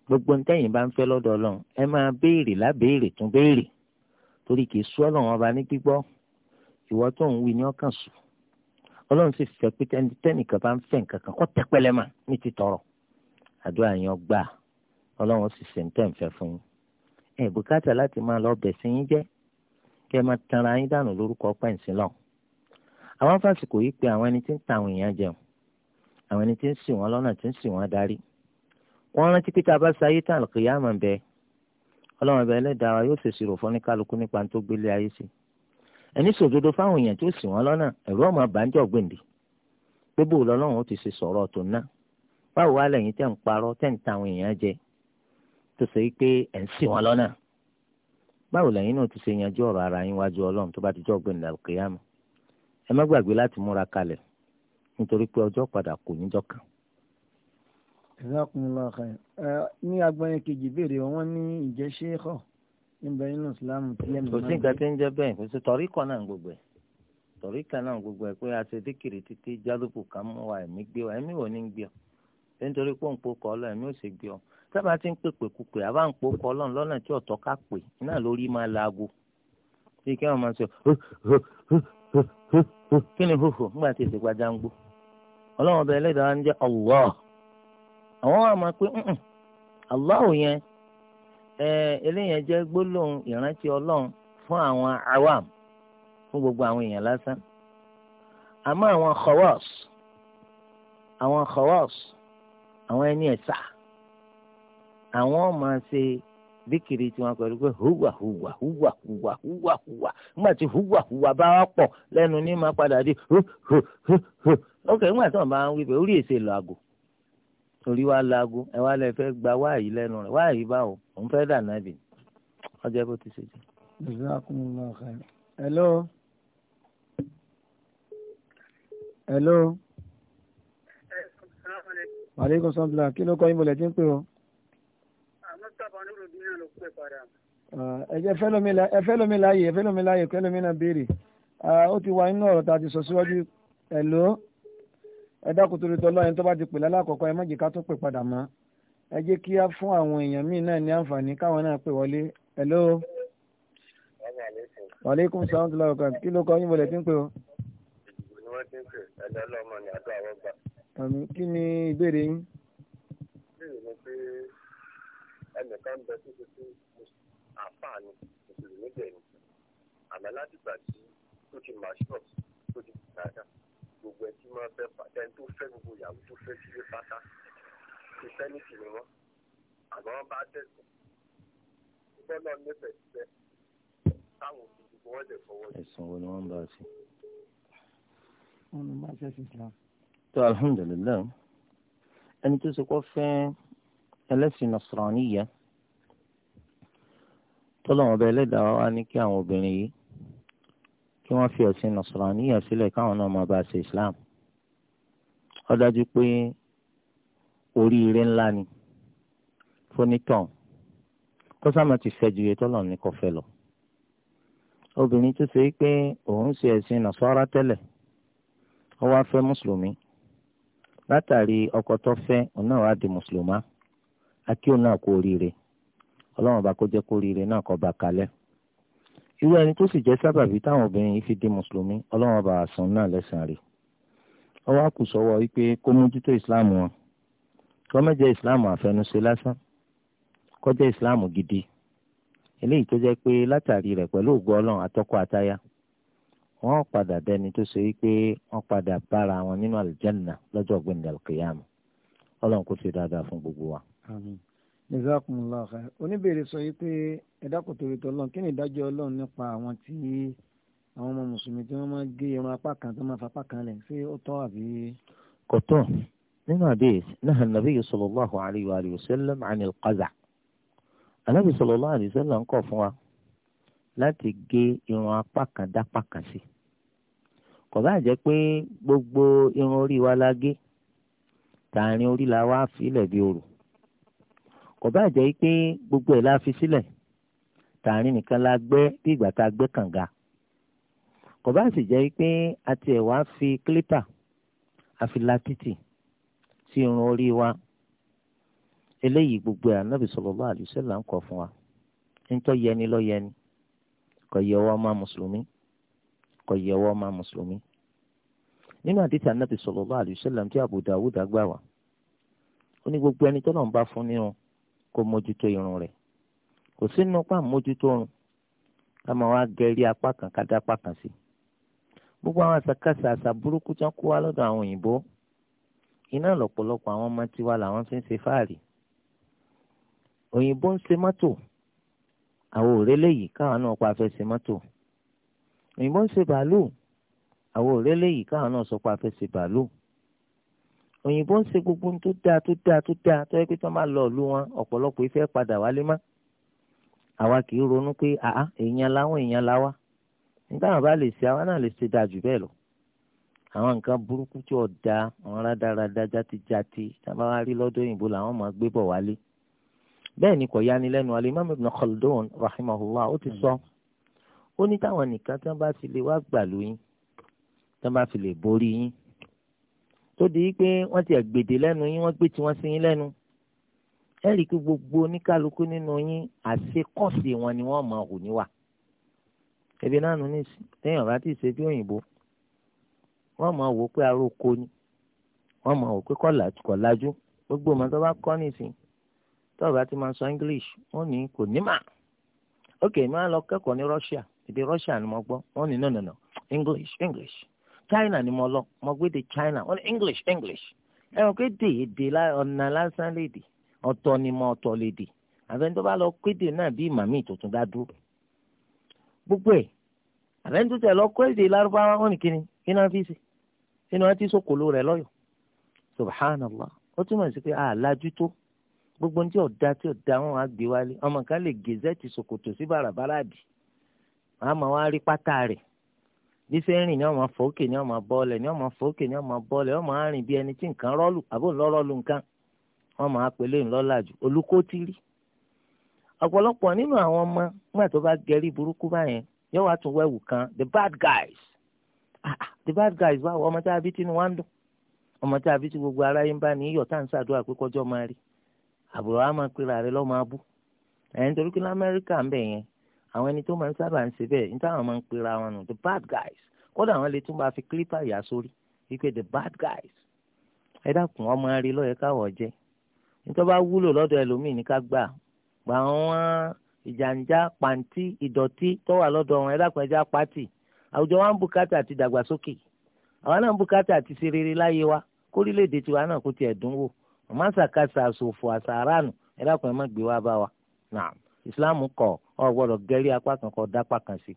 gbogbo ntẹ́yìn bá ń fẹ́ lọ́dọ̀ ọlọ́run ẹ máa béèrè lábéèrè tún béèrè torí kìí sú ọlọ́run ọba ní gbígbọ́ ìwọ tó ń wí ní ọkàn sùn ọlọ́run sì fẹ́ pé tẹ́nìkan bá ń fẹ́ nǹkan kan kọ́ tẹ́pẹ́lẹ́ ní ti àdúrà yẹn gbà ọlọ́run sì ṣe ń fẹ́ fún yín ẹ̀ bùkátà láti máa lọ bẹ̀ sí yín jẹ́ kẹ́ máa tanra yín dànù lórúkọ pẹ̀nsì lọ. àwọn fásitì yìí pé àwọn ẹni tí ń ta àwọn èèyàn jẹun àwọn ẹni tí ń sìn wọn lọ́nà tí ń sìn wọn darí. wọ́n rántí pé tá a bá sayé tán àlùkìyà àmọ̀ bẹ ọlọ́run ẹ̀bẹ̀ ẹlẹ́dàá wa yóò ṣèṣirò fún oníkálukú nípa tó gbélé ayé sí. ẹni sòdodo fáwọn èèyàn tó sìn wọn lọ́nà ẹ̀rọ ọmọ àbájọ gbèǹdì pé bò lọ́lọ́run ó ti ṣe sọ̀rọ̀ tó ná báwo wá lẹ́yìn tẹ̀ ń parọ́ tẹ̀ ń ta àwọn èèyàn jẹ tó ṣe pé ẹ̀ ń sìn wọn lọ́nà báwo lẹ́yìn náà ti ṣe yanjú ọ̀rọ̀ ara yín wájú ọlọ́run tó bá ti jọ́ gbẹ̀ndà kéyàmù ẹ má gbàgbé láti múra kalẹ̀ nítorí pé ọjọ́ padà kò níjọ́ kan. jazakumullahu khairan ní agbọ́nyẹ kejì béèrè wọn ní ìjẹ́ ṣéèkọ̀ níbẹ̀ nínú ìsìlámù tí ẹ̀mí kò sí nǹkan tí ń jẹ́ bẹ́ẹ̀ kò sí torí kan náà gbogbo ẹ̀ torí kan náà gbogbo ẹ̀ pé a ṣe díkìrì títí jálùkù kan mú wa ẹ̀mí gbé wa ẹ̀mí wò ní gbé ọ sábà ti ń pèpè kúpè àbá ń pò kọ́ lọ́nà lọ́nà tí ọ̀tọ̀ ká pè náà lórí máa laago bí kí wọ́n máa sọ kí ni hóhó nígbà tí èsì gbajà ń gbó ọlọ́run ọba ẹlẹ́dàá ń jẹ́ Allah àwọn wa máa pé Allah yẹn ẹ eléyẹn jẹ́ gbólóhùn ìrántí ọlọ́run fún àwọn awam fún gbogbo àwọn èèyàn lásán àmọ́ àwọn khawas àwọn khawas àwọn ẹni ẹ̀sà. E àwọn máa ṣe bíkìrì tiwọn pẹ̀lú pé hùwà hùwà hùwà hùwà hùwà hùwà nígbà tí hùwà hùwà bá wà pọ̀ lẹ́nu ní máa padà di hù hù hù hù ok nígbà tí wọn bá ń wí orí èsè làgò orí wa làgò ẹ wá lẹ fẹ́ gba wáàyí lẹ́nu rẹ̀ wáàyí báwo òun fẹ́ dà náà bì ọjọ́ bó ti ṣe jẹ́. hello hello. wàlẹ́kùn sọ́ńdùlà kí ló kọ́ yín bọ̀lẹ̀ ẹjẹ fẹlẹmi láàyè fẹlẹmi láàyè fẹlẹmi náà béèrè ó ti wá inú ọ̀rọ̀ tá a ti sọ síwájú ẹ ló ẹ dákun torí tọ́lọ́ ẹni tó bá ti pè lálàkọ̀kọ́ ẹ má jẹ́ ká tó pè padà mọ́ ẹ jẹ́ kí á fún àwọn èèyàn míì náà ní àǹfààní káwọn náà pè wọlé ẹ ló. wàlẹ́kùn sáwọn tó lọ́wọ́ kan kí ló kọ yín bọ̀lẹ̀ tí ń pè o. ìgbìmọ̀ tí ń pè ẹ̀dá ọlọ́mọ ni àdó àwọn gbà. kí ni ìbéèrè yín ẹnìkan bẹ tó ṣe pé àáfàá ni mùsùlùmí dẹ̀ ni àmọ́ látìgbà tí tó ti màṣọ tó ti gbàdá gbogbo ẹ tí máa fẹ́ pàtẹ tó fẹ́ gbogbo ìyàwó tó fẹ́ sílé pátá kìrìsẹ́nìtì ni wọ́n àmọ́ wọ́n bá tẹ̀sán gbọ́dọ̀ nífẹ̀ẹ́ síbẹ̀ táwọn òbí gbogbo wọn lè fọwọ́ sí. ẹ̀sùn wo ni wọ́n ń bá a sí. wọn ló máa ṣe sí Islam. tó alhamdulilayi ẹni tó ṣe kó fẹ́ẹ́ ẹlẹ́sìn nasraniya tọ́lọ́wọ́n bẹ ẹlẹ́dàá wa ní kí àwọn obìnrin yìí kí wọ́n fi ẹ̀sìn nasraniya sílẹ̀ káwọn náà máa bá ṣe islam ó dájú pé oríire ńlá ni fónítàn kó sáma ti fẹ́ ju iye tọ́lọ́run ní kó fẹ́ lọ obìnrin tó ṣe pé òun ṣe ẹ̀sìn nasara tẹ́lẹ̀ ó wá fẹ́ mùsùlùmí látàrí ọkọ tó fẹ́ òun náà wá di mùsùlùmá akíó náà kó oríire ọlọ́run bá kó jẹ́ kó oríire náà kó bá kalẹ̀ irú ẹni tó sì jẹ́ sábàbí táwọn obìnrin yìí fi di mùsùlùmí ọlọ́run bá san náà lẹ́sàn-án rẹ̀ ọwọ́ àkùsọ̀wọ́ wípé kó mójútó ìsìláàmù wọn kó má jẹ́ àfẹnusẹ lásán kó jẹ́ ìsìláàmù gidi eléyìí tó jẹ́ pé látàrí rẹ̀ pẹ̀lú ògo ọlọ́run àtọ́kọ àtayá wọ́n padà dẹni tó ṣe wípé wọ́n padà bára wọn nínú àlùjánnà lọ́jọ́ gbẹ̀ndàlùkìyàmù ọlọ́run kó ṣe dáadáa fún gbogbo wa jazakumullahu khair oníbèrè sọ yìí pé ẹ̀dá kò torí tọ́ lọ́n kí ni ìdájọ́ ọlọ́run nípa àwọn tí àwọn ọmọ mùsùlùmí tí wọ́n máa gé irun apá kan tó máa fapá kan lẹ̀ ṣé ó tọ́ àbí. kò tọ́ nínú àdéhìí náà nàbí sallallahu alayhi wa sallam anil qaza' anábì sallallahu alayhi wa sallam ń kọ̀ fún wa láti gé irun apá kan dápá kan sí kò bá jẹ́ pé gbogbo irun orí wa la gé tààrin orí la wá fílẹ̀ bí òrùn kò bá jẹ́ pé gbogbo ẹ̀ la fi sílẹ̀ tààrin nìkan la gbẹ́ bí ìgbà tá a gbẹ́ kànga kò bá sì jẹ́ pé a tiẹ̀ wá fi kílípà a fi la títì sí irun orí wa eléyìí gbogbo ẹ̀ anábì sallallahu alaihi wasallam ń kọ́ fún wa nítorí yẹni ló yẹni kò yẹ ọwọ́ ọmọ mùsùlùmí kò yẹ ọwọ́ ọmọ mùsùlùmí nínú àdìtì anábì sallallahu alaihi wasallam tí Abu Dawud gbà wá ó ní gbogbo ẹni tọ́lọ́run bá fún nírun kó mójútó irun rẹ̀ kò sínú pa mójútó irun ká máa wá gẹrí apá kan ká dá apá kan sí gbogbo àwọn àṣàkáṣà àṣà burúkú tán kó wá lọ́dọ̀ àwọn òyìnbó iná lọ́pọ̀lọpọ̀ àwọn ọmọ tiwa làwọn fi ń ṣe fáàrí òyìnbó ń ṣe mọ́tò àwọn òré léyìí káwọn náà pa afẹ́ ṣe mọ́tò òyìnbó ń ṣe bàálù àwọn òré léyìí káwọn náà sọ pa afẹ́ ṣe bàálù òyìnbó ń ṣe gbogbo tó dáa tó dáa tó dáa tó yẹ pé tó máa lọ ìlú wọn ọ̀pọ̀lọpọ̀ ìfẹ́ padà wálé má àwa kì í ronú pé àá èèyàn láwọn èèyàn láwa nígbà wọn bá lè ṣe àwa náà lè ṣe dáa jù bẹ́ẹ̀ lọ àwọn nǹkan burúkú tí ò da àwọn rádaràda játijàti tábà wá rí lọ́dọ̀ òyìnbó làwọn máa gbé bọ̀ wálé bẹ́ẹ̀ ni kò yánilẹ́nu alimami ibn khaldun rahimahullah ó ti sọ ó ní táwọn nìkan tí wọ́n bá fi lè wá gbàlú yín tí wọ́n bá fi lè borí yín tó di pé wọ́n ti gbèdè lẹ́nu yín wọ́n gbé tiwọn sí yín lẹ́nu ẹ rí i pé gbogbo oníkálukú nínú yín àṣekọ́sì wọn ni wọ́n mọ̀ ọ́ níwà ebi náà nù ní téèyàn bá ti ṣe bí òyìnbó wọ́n mọ̀ wò pé aróko ni wọ́n mọ̀ wò pé kọ̀lájú gbogbo ọmọ tó bá kọ́ nìsín tó bá ti máa sọ English wọ́n ní kò ní mà ok máa lọ kẹ́kọ̀ọ́ ní Russia èdè Russia ni mo gbọ́ wọ́n ní no no no English English China ni mo lọ mo gbé de China wọ́n ní English English ẹ wọ́n pé dè èdè ọ̀nà lásán lédè ọ̀tọ̀ ni mo ọ̀tọ̀ lédè àbẹ́ni tó bá lọ kéde náà bí màmí tuntun dá dúró gbogbo ẹ̀ àbẹ́ni tó tẹ̀ lọ kéde lárúbáwá wọ́n ní kíni kí náà fi ṣe kí náà ti sókòló rẹ̀ subhanallah ó túmọ̀ sí pé àlájú tó gbogbo ní tí ọ̀dà tí ọ̀dà wọn á gbé wálé ọmọ kan lè gèzẹ́tì sòkòtò sí bàràbàrà dì àmọ́ wọn rí pátá rẹ̀ bí ṣe ń rìn ní ọmọ fòókè ní ọmọ bọ́ọ̀lẹ̀ ní ọmọ fòókè ní ọmọ bọ́ọ̀lẹ̀ ọmọ arìn bí ẹni tí nǹkan rọ́ọ̀lù àbò ńlọ́rọ́ọ̀lù nǹkan wọ́n máa pèlè ńlọ́làjù ọ̀pọ̀lọpọ̀ nínú àwọn ọmọ nígbà tó bá gẹrí burúkú báyẹn yóò wá tún kan the bad guys ah, ah, the bad guys ọmọ tí a bí tinú wá ń dùn ọmọ tí a gbogbo bá ní àwọn ẹni tó máa ń sábà ń ṣe bẹ́ẹ̀ níta máa ń pera wọn nù the bad guys kódà àwọn lè tún bá fi clipper yà sórí wípé the bad guys ẹ dákun ọmọ rí lọ́yẹ káwọ̀ jẹ́ nítorí bá wúlò lọ́dọ̀ ẹlòmíì ní ká gbà gbà wọn ìjànjá pàǹtí ìdọ̀tí tó wà lọ́dọ̀ wọn ẹ dákun ẹja pátì àwùjọ wa ń bùkátà àti dàgbàsókè àwa náà ń bùkátà àti ṣe rere láyé wa kórìlédè tiwa náà kó tiẹ̀ dùn wò ọmọ àṣàkáṣà àṣòfò àṣàránù ẹ dákun ẹ má gbé wá bá wa náà islam kọ ọ gbọ́dọ̀ gẹrí apá kan kọ dápá kan sí.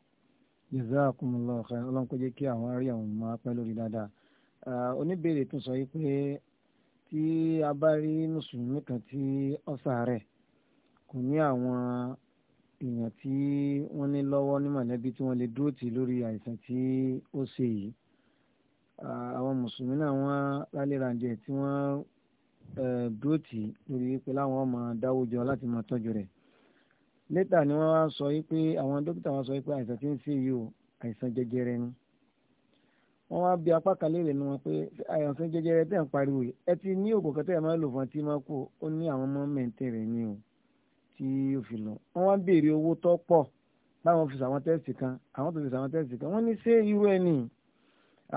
jazakumullahu khairan ọlọ́run kó jẹ́ kí àwọn arí àwọn máa pẹ́ lórí dáadáa oníbèrè tún sọ yìí pé tí a bá rí mùsùlùmí kan tí ó ṣàárẹ̀ kò ní àwọn èèyàn tí wọ́n ní lọ́wọ́ ní mọ̀lẹ́bí tí wọ́n lè dúró tì lórí àìsàn tí ó ṣe yìí àwọn mùsùlùmí náà wọ́n lálẹ́rànjẹ tí wọ́n dúró tì lórí pé láwọn ọmọ dáwọ́ jọ láti máa tọ́jú rẹ̀ lẹ́tà ni wọ́n wá sọ yìí pé àwọn dókítà wọn sọ yìí pé àìsàn tí ń ṣe yìí o àìsàn jẹjẹrẹ ni wọ́n wá bi apá kan léèrè nu wọn pé àìsàn jẹjẹrẹ tẹ̀ ń pariwo yìí ẹ ti ní òògùn kẹtẹ́ ẹ̀ máa lò fún ọtí máa kú ó ní àwọn ọmọ mẹ́ǹtẹ́ rẹ̀ ni o tí ó fi lọ wọ́n wá béèrè owó tó pọ̀ báwọn fi sàwọn tẹ́sì kan àwọn tó fi sàwọn tẹ́sì kan wọ́n ní ṣé irú ẹ nìyí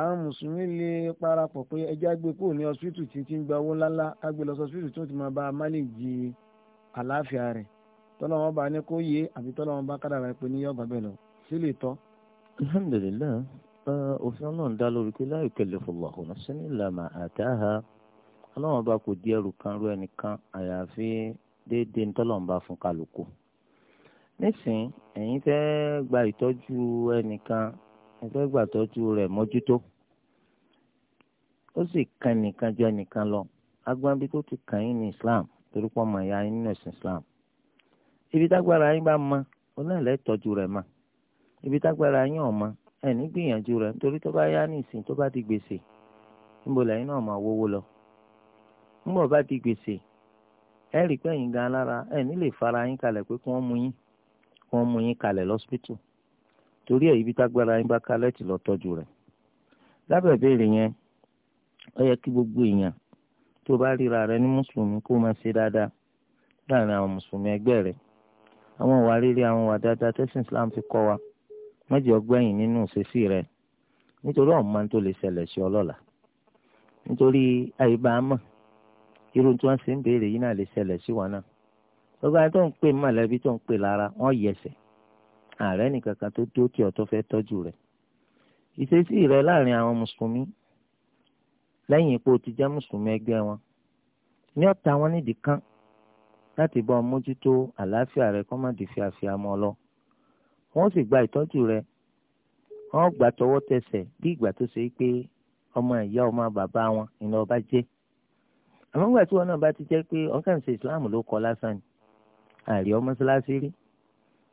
àwọn mùsùlùmí lè parapọ̀ pé ẹjẹ́ àgbè kúrò ní ọsibítù tí ń gba owó ńláńlá ká gbé lọ sọ ọsibítù tí wọ́n ti máa bá a má lè jí àlàáfíà rẹ̀ tọ́lọ́wọ́n bá ní kó yé àbí tọ́lọ́wọ́n bá kádàrà pé ní yọ̀ọ́ bàbẹ̀ lọ sí lè tọ́. alhamdulillah òfin ọlọ́run dá lórí pé la yukallifullahu nafsan illa ma ataha ọlọ́run bá kò di ẹrù kan rú ẹnìkan àyàfi déédéé ní tọ́lọ́run bá fún kálukú. nísìnyí ẹ̀yin fẹ́ gba ìtọ́jú ẹnìkan ẹ fẹ́ gba ìtọ́jú rẹ̀ mójútó ó sì kan nìkan jẹ́ nìkan lọ agbábí tó ti kàn yín ní Islam torí pọ́ mọ̀ ẹ̀yà yín nínú ẹ̀sìn Islam ibi tágbára yín bá ma onílẹ̀ tọ́jú rẹ̀ ma ibi tágbára yín ọ̀ gbìyànjú rẹ̀ nítorí tó bá yá tó bá di gbèsè níbo lẹ́yìn náà ma wówó lọ níbo bá di gbèsè ẹ rí gan lára ẹni lè fara yín kalẹ̀ pé kí wọ́n mú yín kí wọ́n mú yín kalẹ̀ bá kalẹ̀ lọ tọ́jú rẹ̀ lábẹ́ ìbéèrè yẹn ó yẹ kí gbogbo èèyàn tó bá ríra ní mùsùlùmí kó máa ṣe dáadáa láàrin àwọn mùsùlùmí àwọn ìwà rere àwọn ìwà dáadáa tẹ́sán islam fi kọ́ wa mẹ́jọ gbẹ̀yìn nínú ìṣesí rẹ nítorí ọ̀hún máa ń tó lè ṣẹlẹ̀ sí ọlọ́la nítorí àyíbá mọ̀ irú tí wọ́n ṣe ń béèrè yìí náà lè ṣẹlẹ̀ sí wa náà gbogbo àwọn tó ń pè mọ̀lẹ́bí tó ń pè lára wọ́n yẹsẹ̀ ààrẹ nìkankan tó dó tí ọ̀tọ́ fẹ́ tọ́jú rẹ̀ ìṣesí rẹ láàrin àwọn mùsùlùmí lẹ́yìn ipò ti jẹ́ mùsùlùmí ẹgbẹ́ wọn ní ọ̀tá wọn nídìí kan láti bọ́ mójútó àlàáfíà rẹ kó má di fíafíà mọ́ lọ. wọ́n sì gba ìtọ́jú rẹ wọ́n gbà tọwọ́ tẹsẹ̀ bí ìgbà tó ṣe pé ọmọ ìyá ọmọ bàbá wọn ìlú ọba jẹ́. àmọ́ ìgbà tí wọn náà bá ti jẹ́ pé ọ̀kan ṣe ìsìláàmù ló kọ lásán ni àrí ọmọ síláṣí rí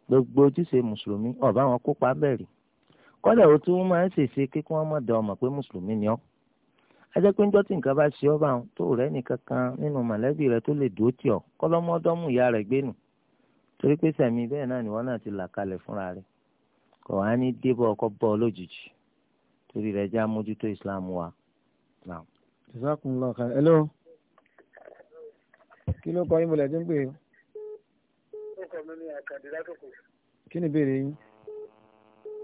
gbogbo ojúṣe mùsùlùmí ọ̀bá wọn kópa bẹ̀rẹ̀ kọ́dà ó tún máa ń ṣèṣe kí wọ́n mọ̀ dán ọmọ pé mùsùlùmí ni ọ́ ajẹ́ pé njọ́ tí nǹkan bá ṣe ọ́ bá ń tó rẹ́ nìkan kan nínú mọ̀lẹ́bí rẹ tó lè dúró tì ọ́ kọ́lọ́mọ́dọ́mù ìyá rẹ̀ gbé nù torí pé sẹ̀mí bẹ́ẹ̀ náà ni wọ́n náà ti là kalẹ̀ fúnra rẹ̀ kò wá ní débọ̀ ọkọ bọ́ lójijì torí rẹ̀ já mójútó Islam wa. hello kí ló kọ yín bọ̀lẹ̀ tó ń pè é. ọkọ mi ni àkàndé látòkò. kí ni ìbéèrè yín.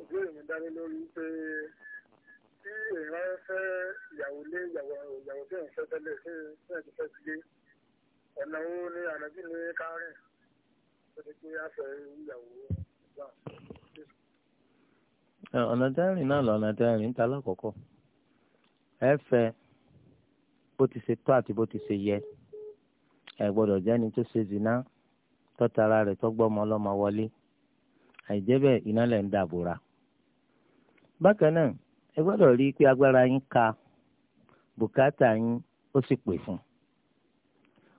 ìbéèrè mi dá lórí pé tí èèyàn fẹ́ ìyàwó lé ìyàwó ìyàwó tí èèyàn fẹ́ tẹ́lẹ̀ ṣé ṣé ti fẹ́ sílé ọ̀nà wo ni ànábì ní kárìn tó ti pé àfẹ́ ìyàwó náà. ọ̀nà dẹ́rìn náà lọ́nà dẹ́rìn níta lákòókò ẹ fẹ́ bó ti ṣe tó àti bó ti ṣe yẹ ẹ gbọ́dọ̀ jẹ́ni tó ṣe zina tọ́tara rẹ̀ tọ́gbọ́mọ ọlọ́mọ wọlé àìjẹ́bẹ̀ iná lẹ̀ ń dàbòrà bákan náà ẹ gbọ́dọ̀ rí i pé agbára yín ka bùkátà yín ó sì pè fún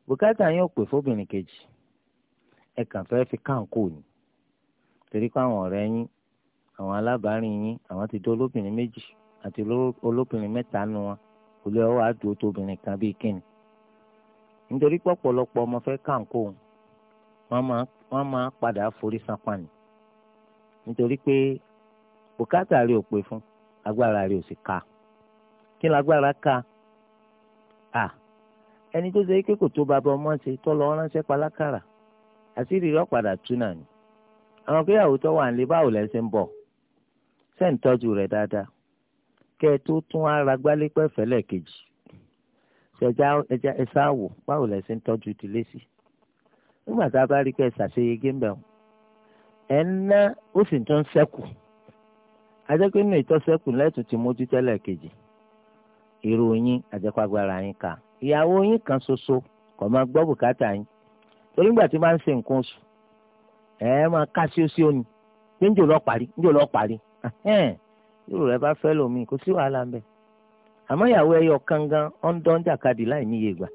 bùkátà yín ò pè fóbìnrin kejì ẹ kàn fẹ́ fi ni torí pé àwọn ọ̀rẹ́ yín àwọn alábàárìn yín àwọn ti dé olóbìnrin méjì àti olóbìnrin mẹ́ta nu wọn kò lè ọwọ́ àdúró tóbìnrin kan bíi kíni nítorí pé ọ̀pọ̀lọpọ̀ ọmọ fẹ́ káǹkó wọ́n máa padà forí sanpa ni nítorí pé bùkátà rí agbára rẹ̀ ò ka kí lágbára ka a ẹni tó ṣe kékò tó bá bọ ọmọ ṣe tó lọ palákàrà padà tú náà ni àwọn akéyàwó tó wà nílé báwo lẹ ṣe ń bọ̀ ṣe ń dáadáa tó tún ara gbálẹ́pẹ́ fẹlẹ kejì ṣẹjá ẹja ẹsẹ àwò báwo lẹ ṣe ń tọ́jú ìdílé sí nígbà tá a bá rí ajẹ́pẹ́ nínú ìtọ́sẹ́kù lẹ́tù ti mójú tẹ́lẹ̀ kejì ìròyìn àjẹpàgbára yín ká ìyàwó yín kan ṣoṣo kò máa gbọ́ bùkátà yín torí gbà tí máa ń ṣe nǹkan oṣù ẹ máa ká sí oṣù òní pé njò lọ parí njò lọ parí irú rẹ bá fẹ́ lómi kò sí wàhálà ń bẹ àmọ́ ìyàwó ẹyọ kangan ọ̀ndọ́ ń jàkadì láì níye gbà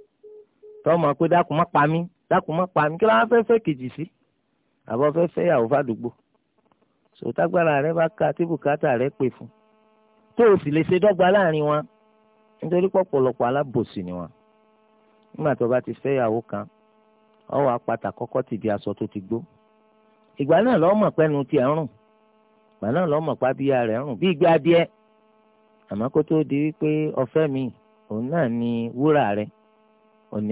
tọ́ ma pé dákun má pa mí dákun má pa mí kí ló wá fẹ́ fẹ́ kejì sí àbọ̀ fẹ́ fẹ́ yàwó fàdúgbò sòtágbára rẹ bá ka tí bùkátà rẹ pè fún tó o sì lè ṣe dọ́gba láàrin wọn nítorí pọpọlọpọ alábòsí ni wọn nígbà tó bá ti fẹ́ ìyàwó kan ọwọ́ apata kọ́kọ́ ti di aṣọ tó ti gbó ìgbà náà lọ́mọ pẹ́nu tiẹ̀ rùn ìgbà náà bí ìgbà kó tó di wípé mi òun náà ni wúrà òun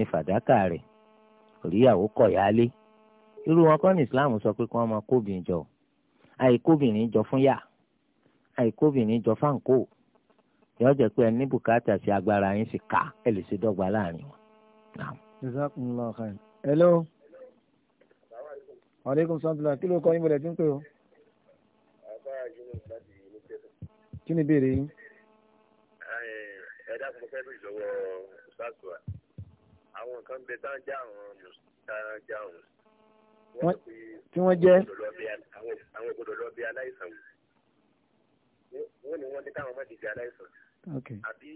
ní Islam sọ àìkóbìnrin jọ fún yà àìkóbìnrin jọ fáǹkó yóò jẹ pé ẹni bùkátà sí agbára yín sì ká ẹ lè ṣe dọ́gba láàrin wọn. jazakumullahu khair. hello. aleykum salaam kí ló kọ́ yín bọ̀dẹ̀ tí ń pè ọ́. kí ni ìbéèrè yín. ẹ dákun fẹ́ bí ìṣòwò ṣáàtúwà àwọn kan bẹ tán já mùsùlùmí tán já mùsùlùmí tí wọ́n jẹ́. àwọn ògbódò lọ bí aláìsàn wọ́n ní wọ́n ní káwọn má dìde aláìsàn àbí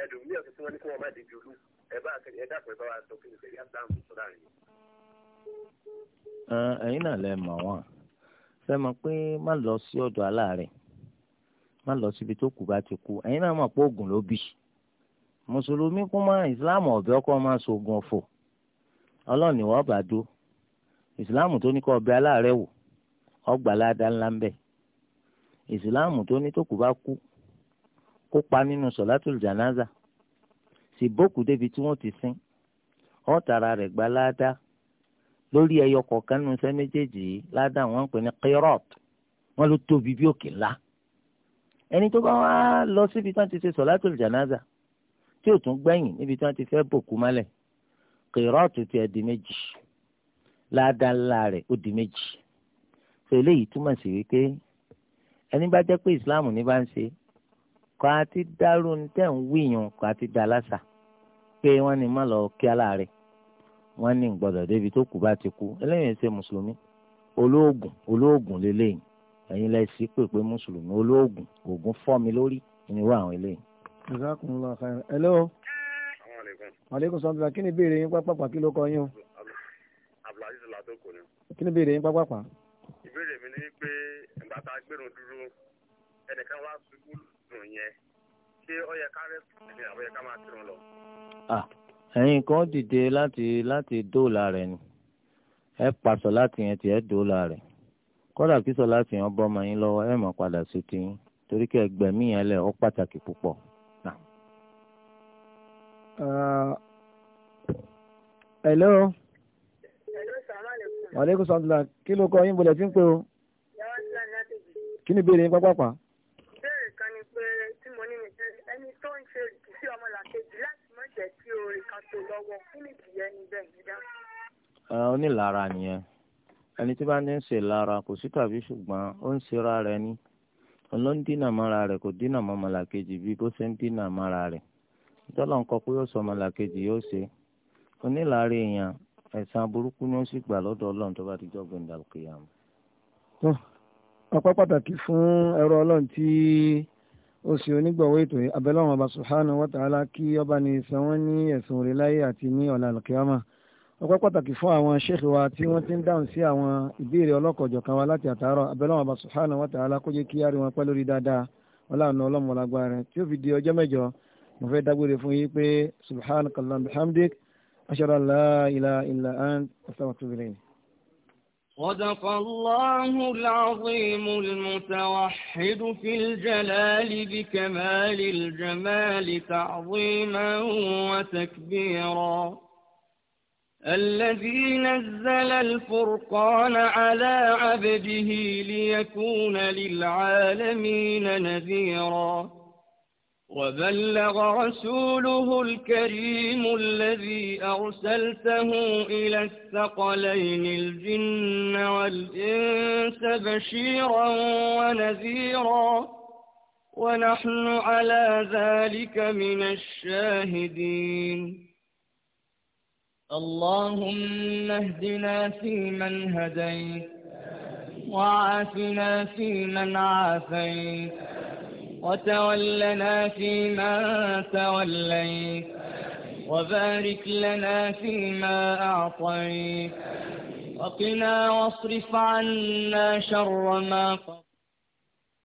ẹlòmíràn tuntun wọ́n ní kí wọ́n má dìde olú ẹ bá ẹ dàpọ̀ ẹ bá wa sọ kí ni sẹ́yìn àti àwọn ìṣọ́ra rẹ̀. ẹ̀yin náà lẹ mọ̀ wọ́n ṣe mọ̀ pé má lọ sí ọ̀dọ̀ aláàárẹ̀ má lọ síbi tó kù bá ti kú ẹ̀yin náà mọ̀ pé oògùn ló bì mùsùlùmí kún mọ́ ìsìláàmù ọ̀bẹ ọkọ máa ṣoògùn ọ̀fọ̀ ọlọ́ọ̀ni wọ́n bá dúró ìsìláàmù tó ní kọ́ ọbẹ̀ aláàárẹ̀ wò ọgbà ládàá ńlá ń bẹ̀ ìsìláàmù tó ní tókù bá kú kópa nínú sọ̀látùl jànáza sì bókù débi tí wọ́n ti sin wọ́n tara rẹ̀ gba ládàá lórí ẹyọ kọ̀ọ̀kan nínú iṣẹ́ méjèèjì yìí ládàá wọ́n ń pè ní kírọ́t wọ́n ló tóbi bí òkè ńlá ẹni tó bá wá lọ síbi tí wọ́n ti ṣe sọ̀látùl jànáza tí ò tún gbẹ̀yìn níbi tí wọ́n ti fẹ́ bòkú mọ́lẹ̀ kírọ́t ti ẹ̀ di méjì ládàá ńlá rẹ̀ ó di méjì so eléyìí túmọ̀ sí wípé ẹni bá jẹ́ pé ìsìláàmù ní bá ń ṣe kọ́ á ti dárú ní tẹ̀ ń wíyàn kọ́ á ti dá lásà pé wọ́n ní má lọ kí aláàrẹ̀ wọ́n ní gbọ́dọ̀ débi tó kù bá ti kú eléyìí ṣe mùsùlùmí olóògùn olóògùn lélẹ́yìn ẹ̀yin lẹ sí pé pé mùsùlùmí olóògùn oògùn fọ́ mi lórí ìníwó àwọn eléyìí. jazakumullahu khairan hello. maaleykum salaam kí ni ìbéèrè yín pápákọ̀ kí ló kọ kí ni ìbéèrè yín pápápá. ìbéèrè mi ni pé ìgbà tá a gbèrò dúró ẹnìkan wá ṣubú lùdùn yẹn ṣé ó yẹ ká rẹ sùn ní àwọn yẹ ká máa tirun lọ. ẹ̀yin kan dìde láti láti dóòlà rẹ̀ ni ẹ pàṣọ láti yẹn tiẹ̀ dóòlà rẹ̀ kódà kí sọ láti yẹn bọ́mọ yín lọ́wọ́ ẹ mọ̀ padà sí tiyín torí kí ẹgbẹ̀mí yẹn lẹ̀ ó pàtàkì púpọ̀. hello wàlẹ́kùn sọ̀tùlà kí ló kọ yín bolẹ̀ tí ń pè o. kí ni ìbéèrè yín pápápá. ìbéèrè kan ni pé tí mo ní nìjẹ́ ẹni tó ń ṣe sí ọmọ làkejì láti má jẹ́ kí orin kan tó lọ́wọ́ kí ni ìdíyẹ ni bẹ́ẹ̀ ní dá. onílara nìyẹn ẹni tí bá ń ṣe lára kò sí tàbí ṣùgbọ́n ó ń ṣera rẹ̀ ní olóń dínà mọ́ra rẹ̀ kò dínà mọ́ mọ́làkejì bí bó ṣe ń dínà mọ́ra rẹ̀ tọ́lọ́ nǹkan pé ó sọ mọ́làkejì yóò ṣe onílàárí èèyàn ẹ̀san burúkú ni ó sì gbà lọ́dọ̀ ọlọ́run tó bá ti jọ́ gbẹ̀ndà al-qiyam. ọ̀pọ̀ pàtàkì fún ẹ̀rọ ọlọ́run tí ó ṣe onígbọ̀wọ́ ètò abẹ́lọ́run ọba subhanahu wa ta'ala kí ọba ní ìsan wọn ní ẹ̀sùn orí láyé àti ní ọ̀la al-qiyama ọpẹ́ pàtàkì fún àwọn ṣéèkì wa tí wọ́n ti ń dáhùn sí àwọn ìbéèrè ọlọ́kọ̀ọ̀jọ̀ kan wa láti àtàárọ̀ abẹ́lẹ́wọ̀n ọba أشهد أن لا إله إلا أنت أستغفرك إليه صدق الله العظيم المتوحد في الجلال بكمال الجمال تعظيما وتكبيرا الذي نزل الفرقان على عبده ليكون للعالمين نذيراً وبلغ رسوله الكريم الذي أرسلته إلى الثقلين الجن والإنس بشيرا ونذيرا ونحن على ذلك من الشاهدين اللهم اهدنا فيمن هديت وعافنا فيمن عافيت وتولنا فيما توليت وبارك لنا فيما أعطيت وقنا واصرف عنا شر ما قضيت